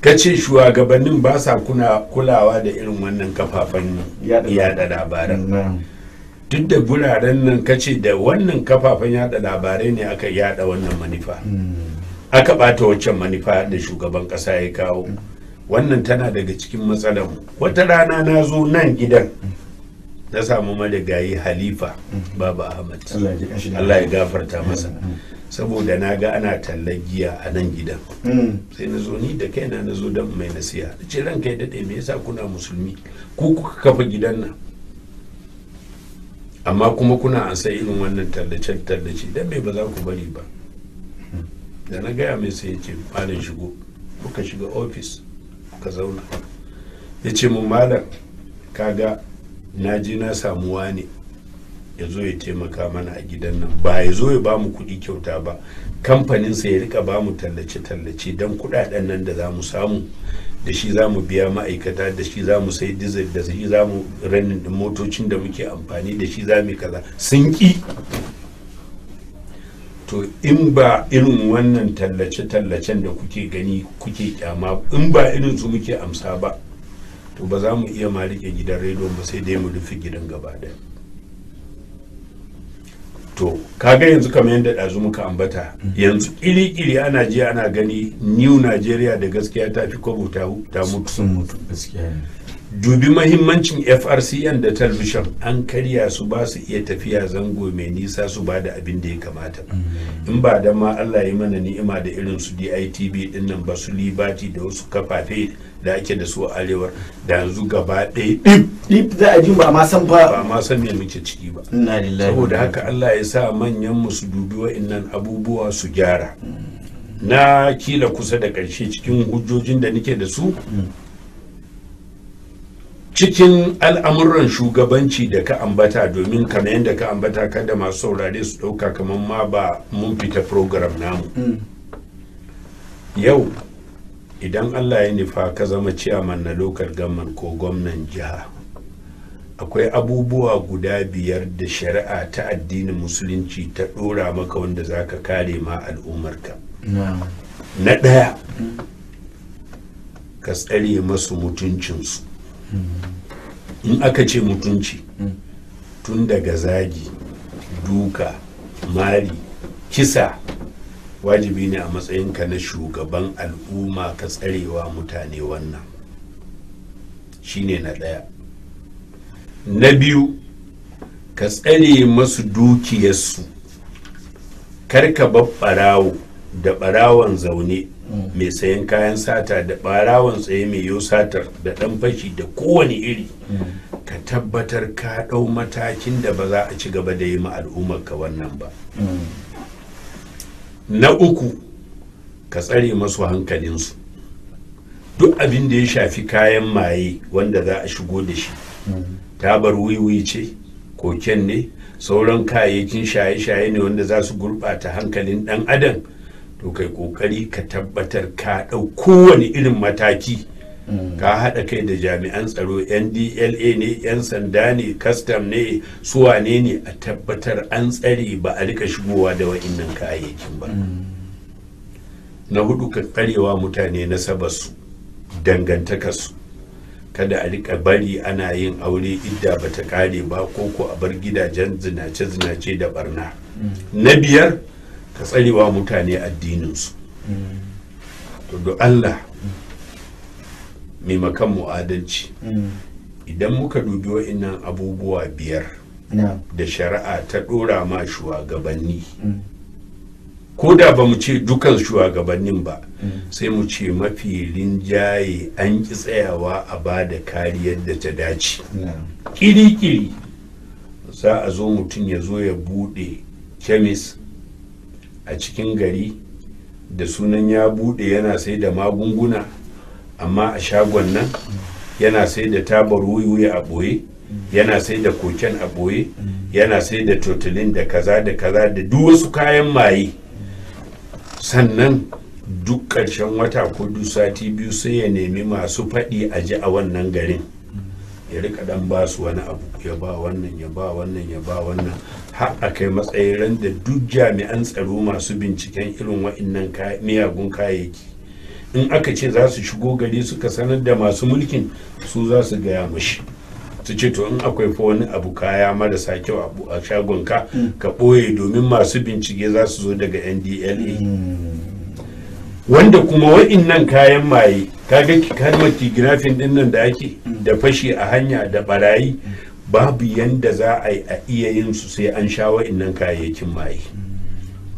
kace ce shugabannin ba sa kulawa da irin wannan kafafen yada labaran mm. duk da guraren nan kace da wannan kafafen yada labarai ne aka yada wannan manufa mm. aka bata waccan manufa da shugaban kasa ya kawo mm. wannan tana daga cikin matsalar wata rana na zo nan gidan na samu marigayi halifa mhm. baba ahmad allah ya gafarta masa mhm. Mhm. saboda na ga ana tallar giya a nan gidan sai na zo ni da kai na zo don mai nasiya da ce ran kai daɗe me yasa kuna musulmi ku kuka kafa gidan nan amma kuma kuna an sai irin wannan tallace tallace don me ba za ku bari ba da na gaya mai sai ya ce malam shigo kuka shiga ofis kuka zauna ya ce mu malam kaga na ji na samu wani ya zo ya taimaka mana a gidan nan ba ya zo ya ba mu kuɗi kyauta ba kamfaninsa ya rika ba mu tallace-tallace don kuɗaɗen nan da za mu samu da shi za mu biya ma'aikata da shi za mu sai diesel da shi za mu ranin da motocin da muke amfani da shi za mu kaza sun ƙi to in ba irin wannan tallace-tallacen da kuke gani kuke kyama in ba irin su muke amsa ba to ba za mu iya ma rike gidan rediyon ba sai dai mu rufe gidan gaba ɗaya to kaga yanzu kamar yadda ɗazu muka ambata yanzu iri-iri ana ji ana gani new nigeria da gaskiya ta fi kwabo ta mutu sun mutu gaskiya dubi mahimmancin frcn da talbishan an karya su ba su iya tafiya zango mai nisa su ba da abin da ya kamata in ba da ma allah ya mana ni'ima da irin su ditv din nan ba su libati da wasu kafafe da ake da su a arewar da yanzu gaba ɗaya dip za a ji ba ma san ba ba ma san me muke ciki ba saboda haka allah ya sa manyan mu su dubi wa'annan abubuwa su gyara mm. na kila kusa da ƙarshe cikin hujjojin da nake da su mm. cikin al'amuran shugabanci da ka ambata domin kamar yadda ka ambata kada masu saurare su ɗauka kamar ma ba mun fita program namu yau idan allah ya nufa ka zama ciyaman na lokal gamman ko gwamnan jiha akwai abubuwa guda biyar da shari'a ta addinin musulunci ta ɗora maka wanda za ka kare ma al'ummarka na ɗaya ka tsare masu mutuncinsu Mm in aka ce mutunci tun daga zagi duka mari kisa wajibi ne a matsayin ka na shugaban al'umma ka tsarewa mutane wannan shine na ɗaya na biyu ka tsare masu dukiyarsu kar ka bar ɓarawo da ɓarawon zaune mai sayan kayan sata da barawan tsaye mai yau satar da dan fashi da kowane iri ka tabbatar ka ɗau matakin da ba za a ci gaba da yi ma al'ummar ka wannan ba na uku ka tsare masu su. duk abin da ya shafi kayan maye wanda za a shigo da shi tabar wiwi ce koken ne sauran kayayyakin shaye-shaye ne wanda za su gurɓata hankalin ɗan adam to kai kokari ka tabbatar ka dau kowane irin mataki mm. ka haɗa kai da jami'an tsaro ndla ne 'yan sanda ne kastam ne suwane ne a tabbatar an tsare ba a rika shigowa da wa'annan kayayyakin ba mm. na hudu ka karewa mutane na nasabarsu dangantakarsu kada a rika bari ana yin aure idda bata kare ba ko ku a bar gidajen zinace-zinace da barna mm. na biyar ka tsarewa mutane addininsu to do allah maimakon mu adalci idan muka dubi wa'innan abubuwa biyar da shari'a ta ɗora ma shugabanni mm. ko da ba mu ce dukan shugabannin ba mm. sai mu ce mafi rinjaye an ki tsayawa a ba da kariyar da ta dace kiri-kiri za a zo mutum ya zo ya bude kemis a cikin gari da sunan ya bude yana sai da magunguna amma a shagon nan yana sai da tabar wuyi a boye yana sai da koken a ɓoye yana sai da totalin da kaza da kaza da duk wasu kayan maye sannan duk ƙarshen wata ko duk sati biyu sai ya nemi masu faɗi a ji a wannan garin ya rika dan ba su wani abu ya ba wannan ya ba wannan ya ba wannan har a kai matsayin ran da duk jami'an tsaro masu binciken irin wa'innan miyagun kayayyaki in aka ce za su shigo gari suka sanar da masu mulkin su za su gaya mashi su ce to in akwai fa wani abu kaya marasa kyau a shagon ka ka ɓoye domin masu bincike za su zo daga ndla hmm. wanda kuma wa'innan kayan maye kaga kalmar tigirafin din nan da ake da fashi a hanya da barayi babu yanda za a iya yin su sai an sha wa'annan kayayyakin maye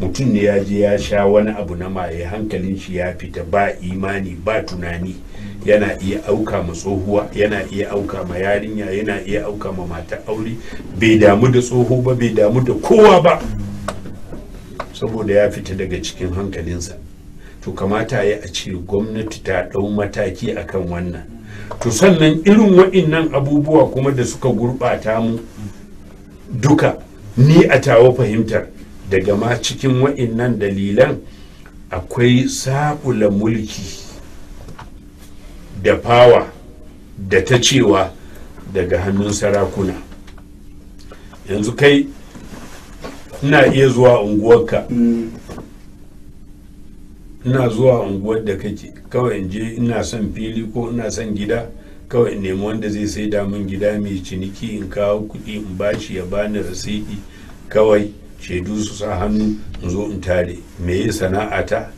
mutum ne ya je ya sha wani abu na maye hankalin shi ya fita ba imani ba tunani yana iya auka ma tsohuwa yana iya auka ma yarinya yana iya auka ma mata aure bai damu da tsoho ba bai damu da kowa ba saboda ya fita daga cikin hankalinsa to kamata ya a ce gwamnati ta ɗau mataki akan wannan to sannan irin wa'innan abubuwa kuma da suka gurɓata mu duka ni a tawo fahimtar daga ma cikin wa'innan dalilan akwai sabula mulki da fawa da ta cewa daga hannun sarakuna yanzu kai ina iya zuwa unguwarka mm. ina zuwa unguwar da kake kawai in je ina son fili ko ina son gida kawai in nemi wanda zai sai damun gida mai ciniki in kawo kuɗi in bashi ya bani rasidi kawai shaidu su sa hannu in zo in tare me ya ta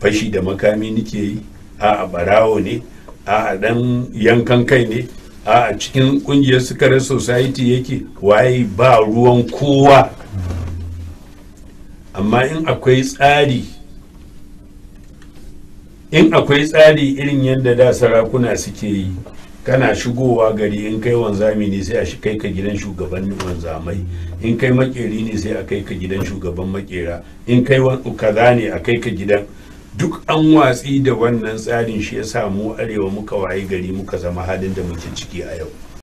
fashi da makami nike yi a a barawo ne a a dan yankan kai ne a a cikin kungiyar sukarar society yake waye ba ruwan kowa amma in akwai tsari in akwai tsari irin yadda da sarakuna suke yi kana shigowa gari in kai wanzami ne sai a shi kai ka gidan shugaban wanzamai in kai makeri ne sai a kai ka gidan shugaban makera in kai kaza ne a kai ka gidan duk an watsi da wannan tsarin shi ya samu arewa muka waye gari muka zama halin da muke ciki a yau